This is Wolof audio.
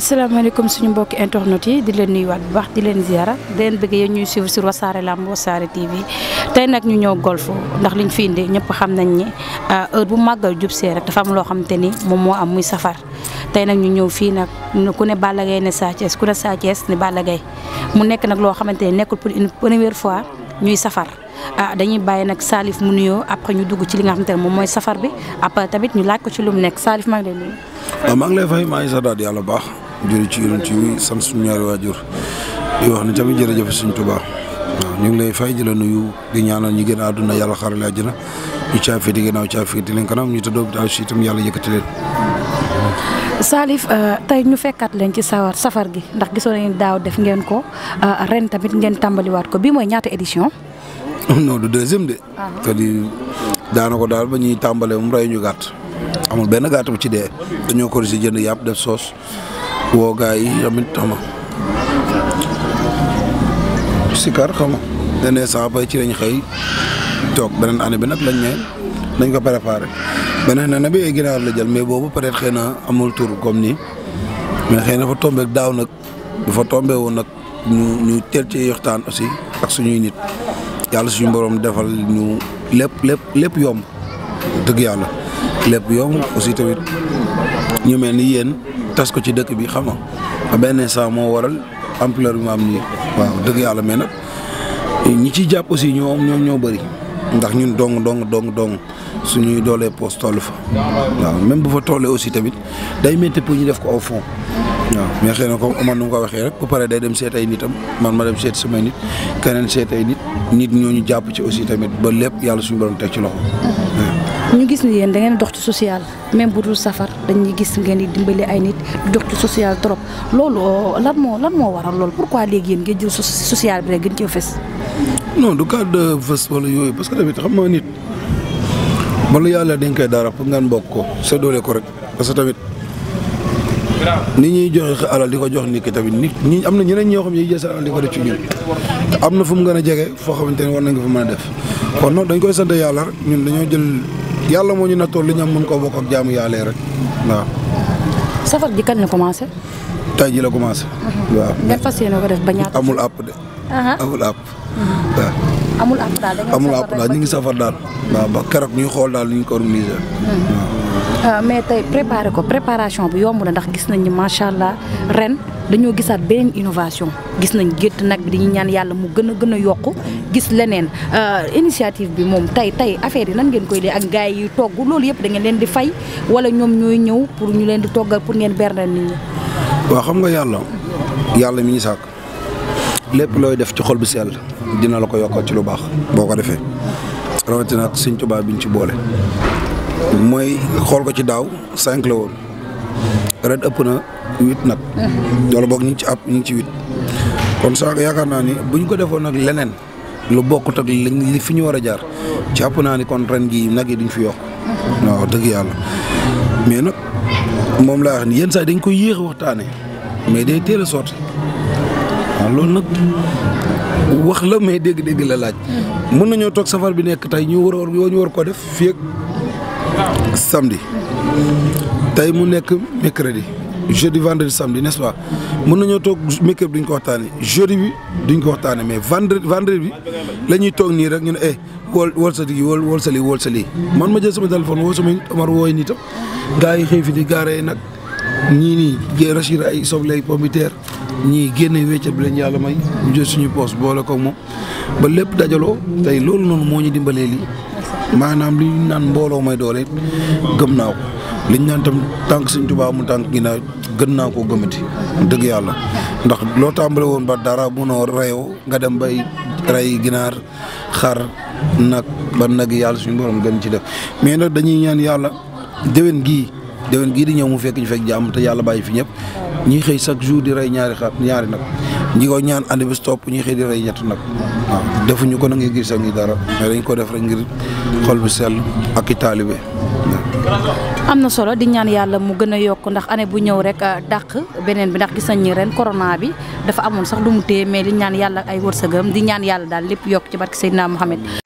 asalaamaaleykum suñu mbokki internet yi di leen nuyuwaat bu baax di leen ziara di leen bëgg yéen ñuy suivre sur wasaare lamb wasaare TV tey nag ñu ñëw golf ndax liñ fi indi ñëpp xam nañ ni euh, heure bu màggal jub see rek dafa am loo xam ni moom moo am muy safar tey nag ñu ñëw fii nag ku ne Balla Gaye ne Sa ku ne Sa Thiès ne Balla mu nekk nag loo xamante ne nekkul pour une première fois ñuy safar ah dañuy bàyyi nag Salif mu nuyoo après ñu dugg ci li nga xamante ne moom mooy safar bi après tamit ñu laaj ko ci lu mu nekk Salif maa ngi lay nuyu. waaw ah, maa julli ci yonent bi sant suñu ñaari waajur di wax ni tamit jërëjëf suñ Tuubaa waaw ñu ngi lay fay di nuyu di ñaanal ñi gën a àdduna yàlla xarale àjjana ñu caaféeti ginnaaw caaféeti leen kanam ñu tëddoo bi si itam yàlla yëkkati leen. Salif euh, tey ñu fekkaat leen ci sawar safar gi ndax gisoo nañu daaw def ngeen ko euh, ren tamit ngeen tàmbaliwaat ko bii mooy ñaata édition. non du deuxième de. cest à ko daal ba ñuy tàmbalee mu rey ñu gàtt. amul benn gaat bu ci dee dañoo ko si jënd yàpp def soos. woo gaa yi tamit xam nga sikar xam nga dane saxaabay ci lañ xëy toog beneen année bi nag lañ ne nañ ko préparé beneen année bi ay ginaar la jël mais boobu peut-être na amul tur comme nii mais xëy na fa tombé daaw nag fa tombé woon nag ñu ñu teel ci yoxtaan aussi ak suñuy nit yàlla suñu borom defal ñu lépp lépp lépp yomb dëgg yàlla lépp yomb aussi tamit ñu mel ni tas ko ci dëkk bi xam nga benn instant moo waral ampleur bi ma am nii waaw dëgg yàlla mais nag ñi ci jàpp aussi ñoo ñoom ñoo bëri ndax ñun dong dong dong dong ñuy doolee poste toll fa waaw même bu fa tollee aussi tamit day métti pour ñu def ko aw fond waaw mais xëy ko comme Omar nu mu ko waxee rek ba pare day dem seet ay nitam man ma dem seet samay nit keneen seet ay nit nit ñooñu jàpp ci aussi tamit ba lépp yàlla suñu borom teg ci loxo. Mm-hmm. gis ni yéen da ngeen dox ci social même bu dul safar dañuy gis ngeen di dimbali ay nit dox ci social trop loolu euh, lan moo lan moo waral loolu pourquoi léegi yéen ngeen jël social bi rek gën cee fës. non du cadre fës wala yooyu parce que tamit xam nga nit bala yàlla dañ koy dara pour ngeen bokk ko sa ko rek parce que tamit. ni ñuy joxe alal di ko jox nit ki tamit nit ñi am na ñeneen ñoo xam ne yiy jël alal di ko def ci ñun am na fu mu gën a jege foo xamante ne war nañ ko mën a def kon noonu dañ koy sant yàlla ñun dañoo jël. yàlla moo ñu nattoo li ñu am mën koo bokk ak jaamu yàlla rek waaw. safar ji na la commencé. tey ji la commencé. Mhm. waaw ngeen fas yéene ko def amul àpp de. amul àpp mhm. waaw. amul àpp daal amul ngi safar daal. waaw ba keroog ñuy xool daal ñu ko organisé. Hmm. waaw euh, mais tey préparé ko préparation bi yomb na ndax gis nañ ni macha allah ren dañoo gisaat beneen innovation gis nañ gétt nag bi dañuy ñaan yàlla mu gën a gën a yokku gis leneen euh, initiative bi moom tey tey affaire yi nan ngeen koy dee ak gaay yi togg loolu yëpp da ngeen leen di fay wala ñoom ñooy ñëw pour ñu leen di toggal pour ngeen bernal nii ñi. xam nga yàlla yàlla mi ñu sàkk. lépp looy def ci xol bu sell dina la ko yokkal ci lu baax boo ko defee rawatina ak Sëñ Tuubaa biñ ci boole mooy xool ko ci daaw cinq la woon ren ëpp na huit nag mhm. wala boog ci ab ñu kon saa yaakaar naa ni buñ ko defoon nag leneen lu bokkut ak li fi ñu war a jaar ci app naa ni kon ren gi nag yi duñ fi yokk mhm. waaw dëgg yàlla mais nag moom laa wax ni yenn saa dañ koy yéex waxtaane mais day teel a waaw ah, loolu nag wax la may dégg-dégg la laaj. mën nañoo toog safar bi nekk tey ñu war a ñu war koo def fii ak samedi tey mu nekk mercredi jeudi vendredi samedi n'est-ce pas mën nañoo toog mercredi duñ ko waxtaanee jeudi bi duñ ko waxtaanee mais vendredi vendredi bi la ñuy toog nii rek ñu ne eh wol wol sa digg wol wol sa wol sa man ma jël sama téléphone woo sama nit Omar wooy nitam gars yi xëy fi di yi nag ñii nii Rachid ay soble ay pomme ñii génne wéccet bi lañ yàlla may ñu jël suñu poos boole ko moom ba lépp dajaloo tey loolu noonu moo ñu dimbalee lii maanaam lu ñu naan mbooloo may doole gëm naa ko li ñu naan tam tànk suñ tubaab mu tànk ginnaaw gën naa ko koo gëmati dëgg yàlla ndax loo tàmbale woon ba dara munoo reyoo nga dem bay rey ginaar xar nag ba nag yàlla suñu borom gën ci def mais nag dañuy ñaan yàlla déwén gii déwén gii di ñëw mu fekk ñu fekk jàmm te yàlla bàyyi fi ñëpp ñuy xëy chaque jour di rey ñaari xar ñaari nag ñi ko ñaan ànd bi stop ñuy xëy di rey ñett nag waaw defuñu ko na nga gis ak dara mais dañ ko def rek ngir xol bi sell ak i taalibe am na solo di ñaan yàlla mu gën a yokk ndax année bu ñëw rek a ah, daq beneen bi ndax gis nañ ni ren corona bi dafa amoon sax lu mu téye mais di ñaan yàlla ay wërsëgam di ñaan yàlla daal lépp yokk ci barke Seydina Mohamed